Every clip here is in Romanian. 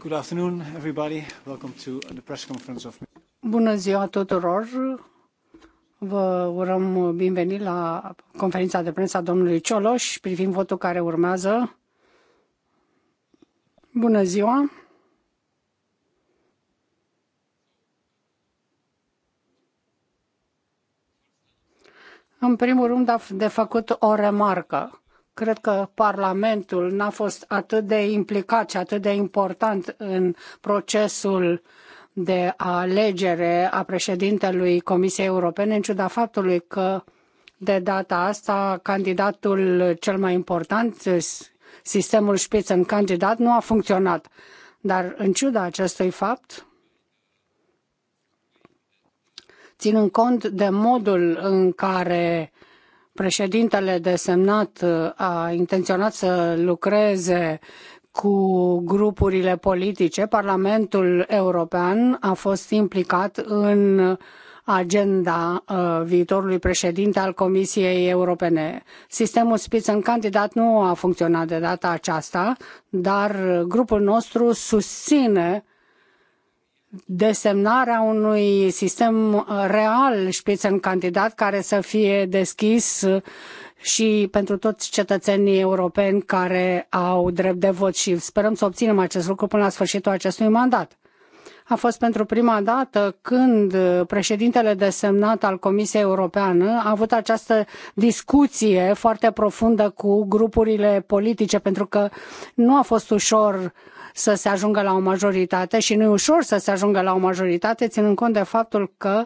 Good afternoon, everybody. Welcome to the press conference of... Bună ziua tuturor! Vă urăm bine venit la conferința de presă a domnului Cioloș privind votul care urmează. Bună ziua! În primul rând, de făcut o remarcă Cred că Parlamentul n-a fost atât de implicat și atât de important în procesul de alegere a președintelui Comisiei Europene, în ciuda faptului că de data asta candidatul cel mai important, sistemul Spitzen candidat, nu a funcționat. Dar în ciuda acestui fapt, ținând cont de modul în care Președintele desemnat uh, a intenționat să lucreze cu grupurile politice. Parlamentul European a fost implicat în agenda uh, viitorului președinte al Comisiei Europene. Sistemul Spitzenkandidat nu a funcționat de data aceasta, dar uh, grupul nostru susține uh, desemnarea unui sistem real în candidat care să fie deschis uh, și pentru toți cetățenii europeni care au drept de vot și sperăm să obținem acest lucru până la sfârșitul acestui mandat. A fost pentru prima dată când președintele desemnat al Comisiei Europeană a avut această discuție foarte profundă cu grupurile politice, pentru că nu a fost ușor uh, să se ajungă la o majoritate și nu e ușor să se ajungă la o majoritate, ținând cont de faptul că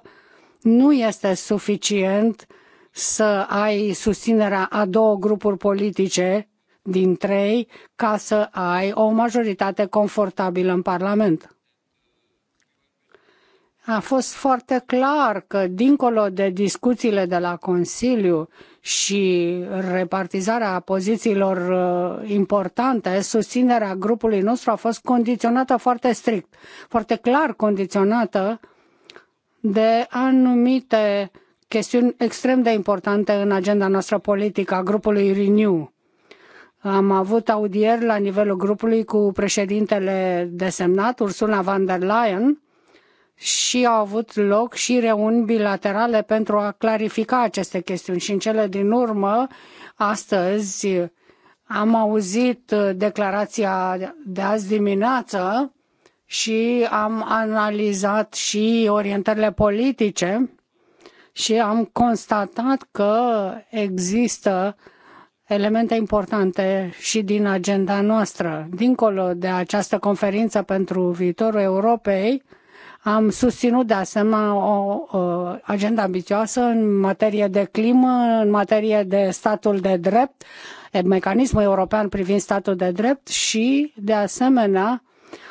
nu este suficient să ai susținerea a două grupuri politice din trei ca să ai o majoritate confortabilă în Parlament. A fost foarte clar că, dincolo de discuțiile de la Consiliu, și repartizarea pozițiilor uh, importante, susținerea grupului nostru a fost condiționată foarte strict, foarte clar condiționată de anumite chestiuni extrem de importante în agenda noastră politică a grupului Renew. Am avut audieri la nivelul grupului cu președintele desemnat, Ursula von der Leyen, și au avut loc și reuni bilaterale pentru a clarifica aceste chestiuni. Și în cele din urmă, astăzi, am auzit uh, declarația de azi dimineață și am analizat și orientările politice și am constatat că există elemente importante și din agenda noastră. Dincolo de această conferință pentru viitorul Europei, am susținut de asemenea o, o agenda ambițioasă în materie de climă, în materie de statul de drept, mecanismul european privind statul de drept și, de asemenea,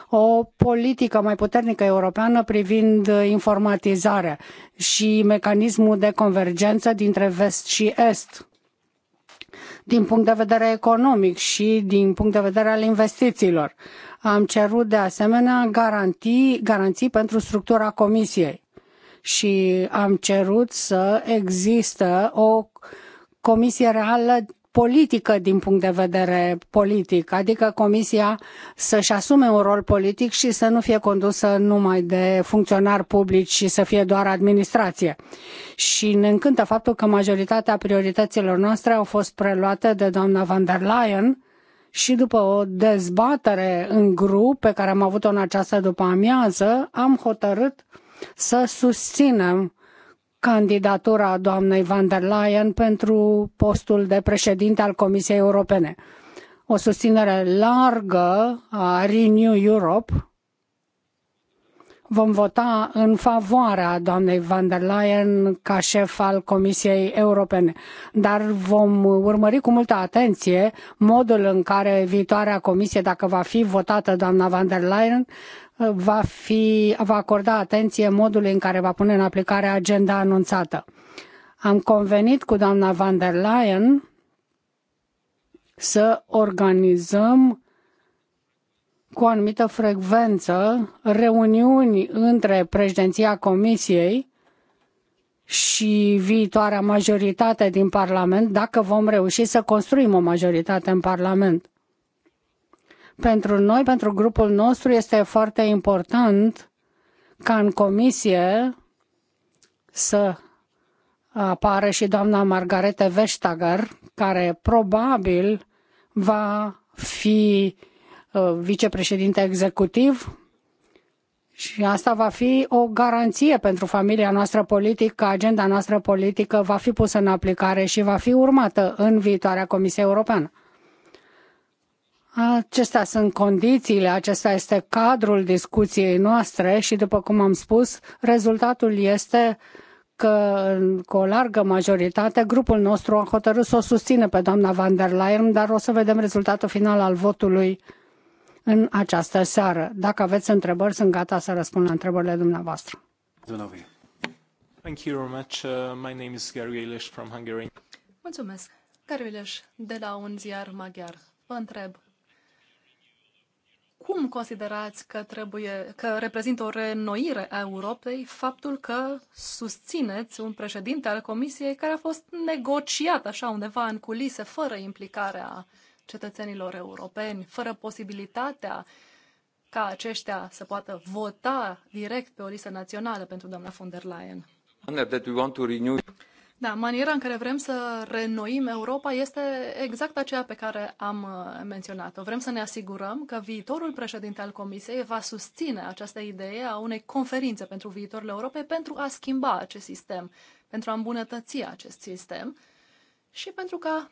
o politică mai puternică europeană privind informatizarea și mecanismul de convergență dintre vest și est din punct de vedere economic și din punct de vedere al investițiilor. Am cerut de asemenea garantii, garanții pentru structura comisiei și am cerut să există o comisie reală politică din punct de vedere politic, adică Comisia să-și asume un rol politic și să nu fie condusă numai de funcționari publici și să fie doar administrație. Și ne încântă faptul că majoritatea priorităților noastre au fost preluate de doamna van der Leyen și după o dezbatere în grup pe care am avut-o în această după amiază, am hotărât să susținem candidatura doamnei van der Leyen pentru postul de președinte al Comisiei Europene. O susținere largă a Renew Europe vom vota în favoarea doamnei van der Leyen ca șef al Comisiei Europene, dar vom urmări cu multă atenție modul în care viitoarea comisie, dacă va fi votată doamna van der Leyen, va, fi, va acorda atenție modului în care va pune în aplicare agenda anunțată. Am convenit cu doamna van der Leyen să organizăm cu o anumită frecvență reuniuni între președinția Comisiei și viitoarea majoritate din Parlament, dacă vom reuși să construim o majoritate în Parlament. Pentru noi, pentru grupul nostru, este foarte important ca în comisie să apară și doamna Margarete Vestager, care probabil va fi Uh, vicepreședinte executiv și asta va fi o garanție pentru familia noastră politică, agenda noastră politică va fi pusă în aplicare și va fi urmată în viitoarea Comisie Europeană. Acestea sunt condițiile, acesta este cadrul discuției noastre și, după cum am spus, rezultatul este că, cu o largă majoritate, grupul nostru a hotărât să o susțină pe doamna van der Leyen, dar o să vedem rezultatul final al votului uh, în această seară. Dacă aveți întrebări, sunt gata să răspund la întrebările dumneavoastră. Thank you very much. Uh, my name is Gary from Hungary. Mulțumesc. Gary de la un ziar maghiar. Vă întreb, cum considerați că trebuie, că reprezintă o renoire a Europei faptul că susțineți un președinte al Comisiei care a fost negociat așa undeva în culise, fără implicarea cetățenilor europeni, fără posibilitatea ca aceștia să poată vota direct pe o listă națională pentru doamna von der Leyen. Da, maniera în care vrem să renoim Europa este exact aceea pe care am uh, menționat-o. Vrem să ne asigurăm că viitorul președinte al Comisiei va susține această idee a unei conferințe pentru viitorul Europei pentru a schimba acest sistem, pentru a îmbunătăți acest sistem și pentru ca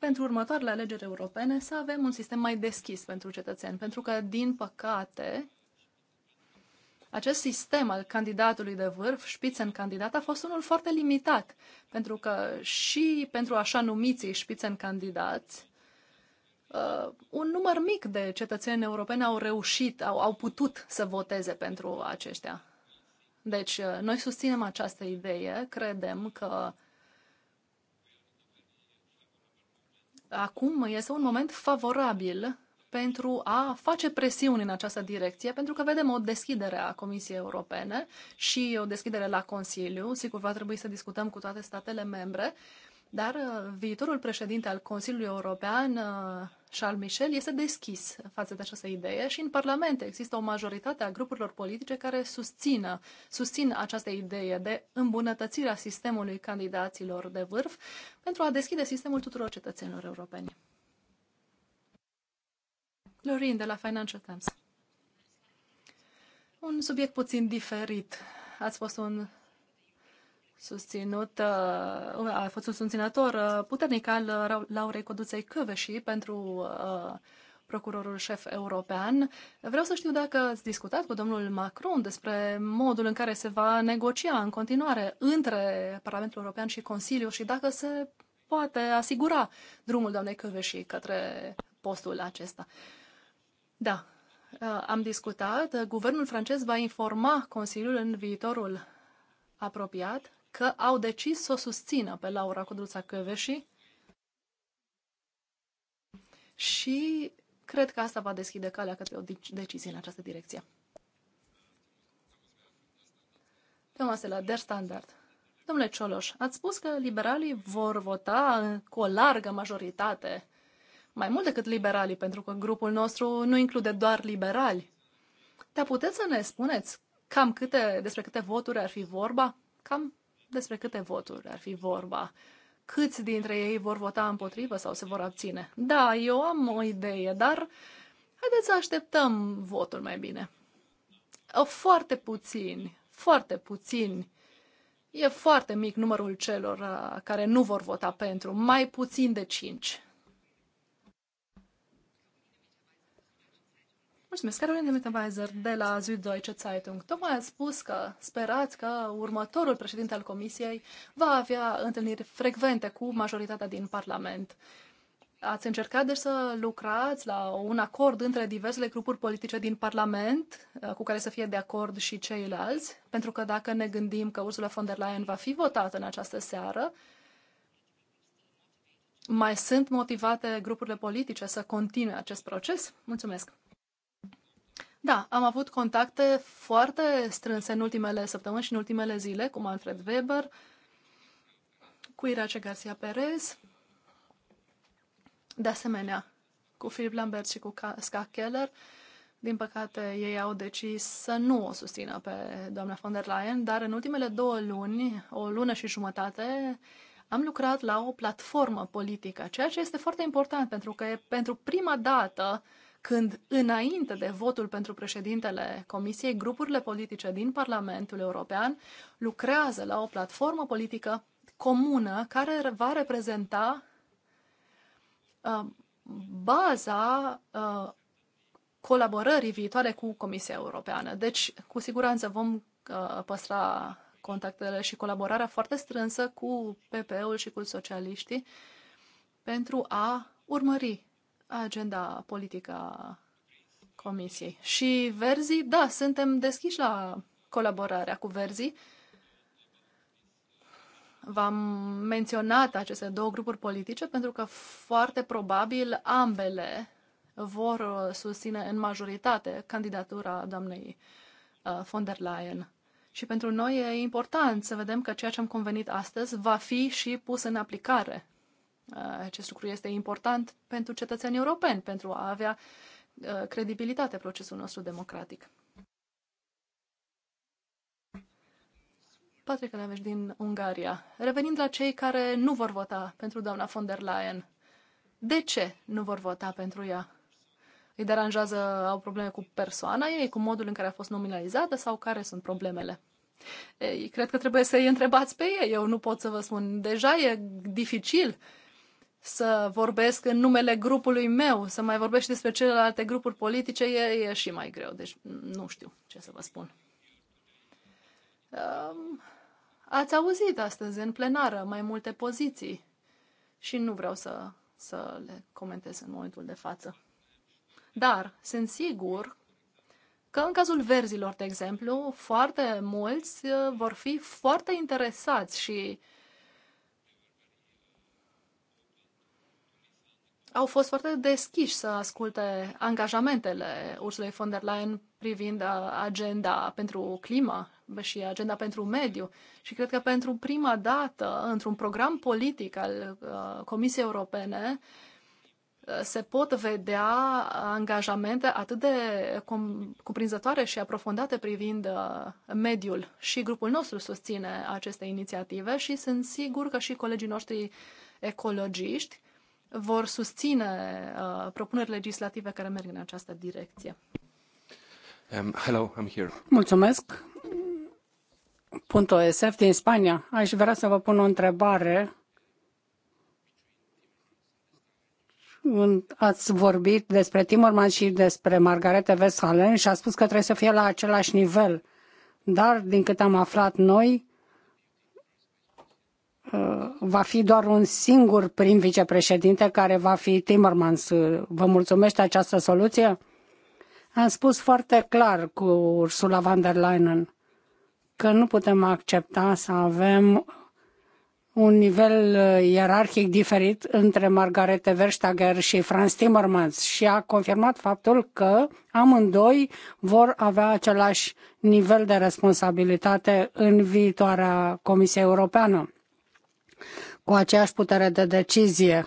pentru următoarele alegeri europene să avem un sistem mai deschis pentru cetățeni, pentru că, din păcate, acest sistem al candidatului de vârf, spitzen candidat, a fost unul foarte limitat, pentru că și pentru așa numiții spitzen candidați, uh, un număr mic de cetățeni europeni au reușit, au, au putut să voteze pentru aceștia. Deci, uh, noi susținem această idee, credem că uh, acum este un moment favorabil pentru a face presiuni în această direcție, pentru că vedem o deschidere a Comisiei Europene și o deschidere la Consiliu. Sigur, va trebui să discutăm cu toate statele membre, dar uh, viitorul președinte al Consiliului European uh, Charles Michel este deschis față de această idee și în Parlament există o majoritate a grupurilor politice care susțină, susțin această idee de îmbunătățirea sistemului candidaților de vârf pentru a deschide sistemul tuturor cetățenilor europeni. Lorin de la Financial Times. Un subiect puțin diferit. Ați fost un susținut, uh, a fost un susținător uh, puternic al uh, Laurei Coduței Căveșii pentru procurorul șef european. Vreau să știu dacă ați discutat cu domnul Macron despre modul în care se va negocia în continuare între Parlamentul European și Consiliu și dacă se poate asigura drumul doamnei Căveșii către postul acesta. Da, am discutat. Guvernul francez va informa Consiliul în viitorul apropiat că au decis să o susțină pe Laura Codruța Căveși și cred că asta va deschide calea către o decizie în această direcție. Rămase la der standard. Domnule Cioloș, ați spus că liberalii vor vota cu o largă majoritate, mai mult decât liberalii, pentru că grupul nostru nu include doar liberali. Dar puteți să ne spuneți cam câte, despre câte voturi ar fi vorba? Cam despre câte voturi ar fi vorba, câți dintre ei vor vota împotrivă sau se vor abține. Da, eu am o idee, dar haideți să așteptăm votul mai bine. O, foarte puțini, foarte puțini. E foarte mic numărul celor uh, care nu vor vota pentru, mai puțin de 5. Mulțumesc, Caroline Mittenweiser de la Süddeutsche Zeitung. Tocmai ați spus că sperați că următorul președinte al Comisiei va avea întâlniri frecvente cu majoritatea din Parlament. Ați încercat deci să lucrați la un acord între diversele grupuri politice din Parlament, uh, cu care să fie de acord și ceilalți, pentru că dacă ne gândim că Ursula von der Leyen va fi votată în această seară, mai sunt motivate grupurile politice să continue acest proces? Mulțumesc! Da, am avut contacte foarte strânse în ultimele săptămâni și în ultimele zile cu Manfred Weber, cu Irace Garcia Perez, de asemenea cu Philip Lambert și cu Ska Keller. Din păcate, ei au decis să nu o susțină pe doamna von der Leyen, dar în ultimele două luni, o lună și jumătate, am lucrat la o platformă politică, ceea ce este foarte important pentru că e pentru prima dată uh, când înainte de votul pentru președintele Comisiei, grupurile politice din Parlamentul European lucrează la o platformă politică comună care va reprezenta uh, baza uh, colaborării viitoare cu Comisia Europeană. Deci, cu siguranță vom uh, păstra contactele și colaborarea foarte strânsă cu PP-ul și cu socialiștii pentru a urmări agenda politică a Comisiei. Și Verzi, da, suntem deschiși la colaborarea cu Verzi. V-am menționat aceste două grupuri politice pentru că foarte probabil ambele vor uh, susține în majoritate candidatura doamnei uh, von der Leyen. Și pentru noi e important să vedem că ceea ce am convenit astăzi va fi și pus în aplicare Uh, acest lucru este important pentru cetățenii europeni, pentru a avea uh, credibilitate procesul nostru democratic. Patrick Lemeș din Ungaria. Revenind la cei care nu vor vota pentru doamna von der Leyen, de ce nu vor vota pentru ea? Îi deranjează, au probleme cu persoana ei, cu modul în care a fost nominalizată sau care sunt problemele? Ei, cred că trebuie să-i întrebați pe ei. Eu nu pot să vă spun. Deja e dificil să vorbesc în numele grupului meu, să mai vorbesc și despre celelalte grupuri politice, e, e și mai greu. Deci nu știu ce să vă spun. Ați auzit astăzi în plenară mai multe poziții și nu vreau să, să le comentez în momentul de față. Dar sunt sigur că în cazul verzilor, de exemplu, foarte mulți uh, vor fi foarte interesați și uh, au fost foarte deschiși să asculte angajamentele Ursulei von der Leyen privind uh, agenda pentru climă și agenda pentru mediu. Și cred că pentru prima dată, într-un program politic al uh, Comisiei Europene, uh, se pot vedea angajamente atât de cuprinzătoare și aprofundate privind mediul. Și grupul nostru susține aceste inițiative și sunt sigur că și colegii noștri ecologiști vor susține uh, propuneri legislative care merg în această direcție. Um, hello, I'm here. Mulțumesc. Punto SF din Spania. Aș vrea să vă pun o întrebare. Ați vorbit despre Timmerman și despre Margarete Vestalen și a spus că trebuie să fie la același nivel. Dar, din câte am aflat noi, va fi doar un singur prim vicepreședinte care va fi Timmermans. Vă mulțumește această soluție? Am spus foarte clar cu Ursula von der Leyen că nu putem accepta să avem un nivel uh, ierarhic diferit între Margarete Verstager și Franz Timmermans și a confirmat faptul că amândoi vor avea același nivel de responsabilitate în viitoarea Comisie Europeană cu aceeași putere de decizie,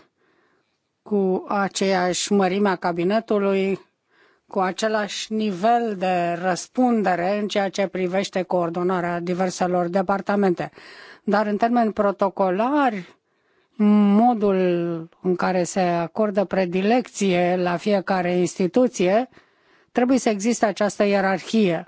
cu aceeași mărime a cabinetului, cu același nivel de răspundere în ceea ce privește coordonarea diverselor departamente. Dar în termeni protocolari, modul în care se acordă predilecție la fiecare instituție, trebuie să existe această ierarhie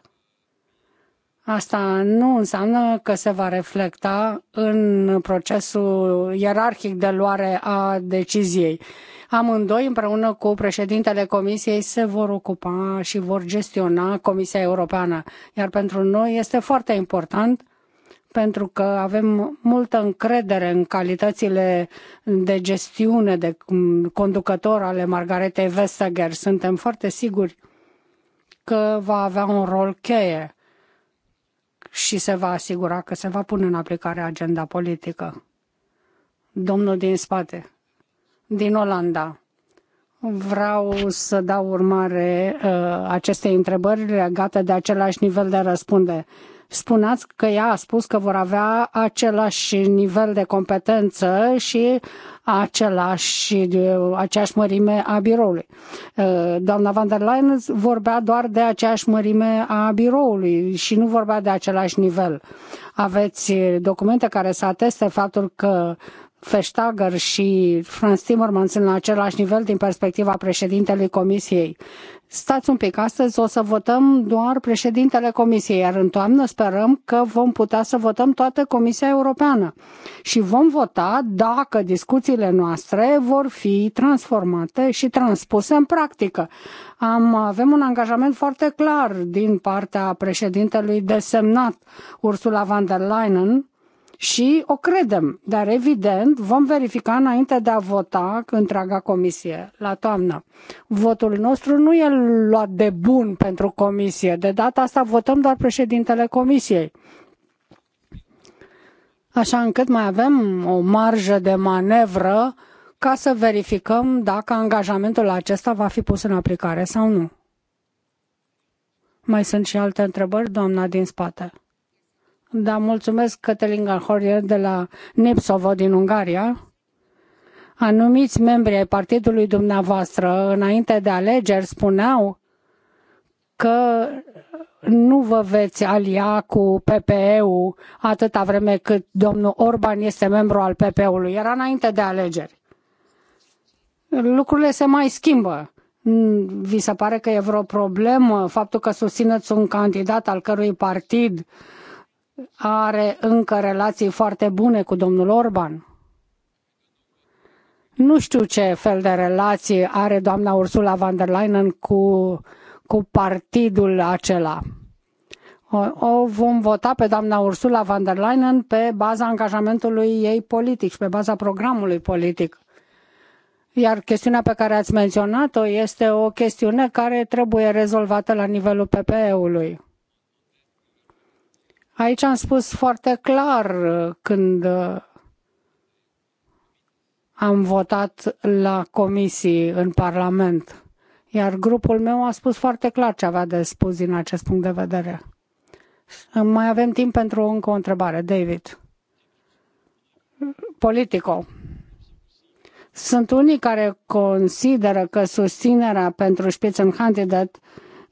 Asta nu înseamnă că se va reflecta în procesul ierarhic de luare a deciziei. Amândoi, împreună cu președintele Comisiei, se vor ocupa și vor gestiona Comisia Europeană. Iar pentru noi este foarte important pentru că avem multă încredere în calitățile de gestiune, de conducător ale Margaretei Vestager. Suntem foarte siguri că va avea un rol cheie și se va asigura că se va pune în aplicare agenda politică. Domnul din spate, din Olanda, vreau să dau urmare uh, acestei întrebări legate de același nivel de răspundere spuneați că ea a spus că vor avea același nivel de competență și același, aceeași mărime a biroului. Uh, doamna van der Leyen vorbea doar de aceeași mărime a biroului și nu vorbea de același nivel. Aveți documente care să ateste faptul că Feștagăr și Franz Timmermans sunt la același nivel din perspectiva președintelui Comisiei Stați un pic, astăzi o să votăm doar președintele Comisiei, iar în toamnă sperăm că vom putea să votăm toată Comisia Europeană. Și vom vota dacă discuțiile noastre vor fi transformate și transpuse în practică. Am, avem un angajament foarte clar din partea președintelui desemnat Ursula von der Leyen și o credem, dar evident vom verifica înainte de a vota întreaga comisie la toamnă. Votul nostru nu e luat de bun pentru comisie, de data asta votăm doar președintele comisiei. Așa încât mai avem o marjă de manevră ca să verificăm dacă angajamentul acesta va fi pus în aplicare sau nu. Mai sunt și alte întrebări, doamna din spate. Da, mulțumesc Cătălin Galhorier de la Nipsovo din Ungaria. Anumiți membri ai partidului dumneavoastră, înainte de alegeri, spuneau că nu vă veți alia cu PPE-ul atâta vreme cât domnul Orban este membru al PPE-ului. Era înainte de alegeri. Lucrurile se mai schimbă. Vi se pare că e vreo problemă faptul că susțineți un candidat al cărui partid uh, are încă relații foarte bune cu domnul Orban. Nu știu ce fel de relații are doamna Ursula von der Leyen cu, cu partidul acela. O, o vom vota pe doamna Ursula von der Leyen pe baza angajamentului ei politic și pe baza programului politic. Iar chestiunea pe care ați menționat-o este o chestiune care trebuie rezolvată la nivelul PPE-ului Aici am spus foarte clar când uh, am votat la comisii în Parlament, iar grupul meu a spus foarte clar ce avea de spus din acest punct de vedere. Mai avem timp pentru încă o întrebare. David. Politico. Sunt unii care consideră că susținerea pentru Spitzenkandidat candidat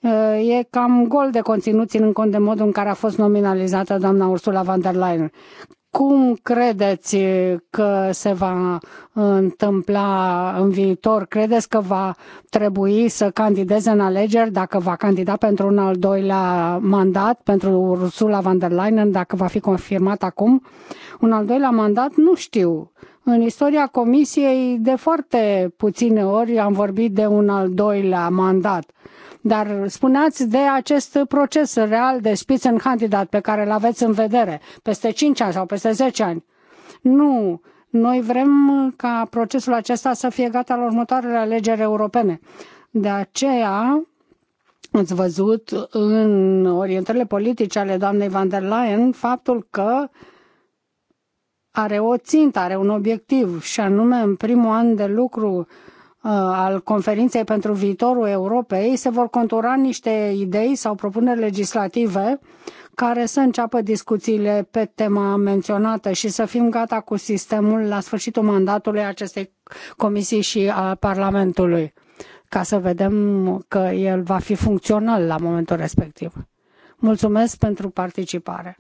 Uh, e cam gol de conținut, ținând cont de modul în care a fost nominalizată doamna Ursula von der Leyen. Cum credeți că se va întâmpla în viitor? Credeți că va trebui să candideze în alegeri dacă va candida pentru un al doilea mandat, pentru Ursula von der Leyen, dacă va fi confirmat acum? Un al doilea mandat? Nu știu. În istoria Comisiei, de foarte puține ori am vorbit de un al doilea mandat. Dar spuneați de acest proces real de în pe care îl aveți în vedere peste 5 ani sau peste 10 ani. Nu, noi vrem ca procesul acesta să fie gata la următoarele alegeri europene. De aceea, ați văzut în orientările politice ale doamnei van der Leyen faptul că are o țintă, are un obiectiv și anume în primul an de lucru Uh, al conferinței pentru viitorul Europei se vor contura niște idei sau propuneri legislative care să înceapă discuțiile pe tema menționată și să fim gata cu sistemul la sfârșitul mandatului acestei comisii și a Parlamentului, ca să vedem că el va fi funcțional la momentul respectiv. Mulțumesc pentru participare.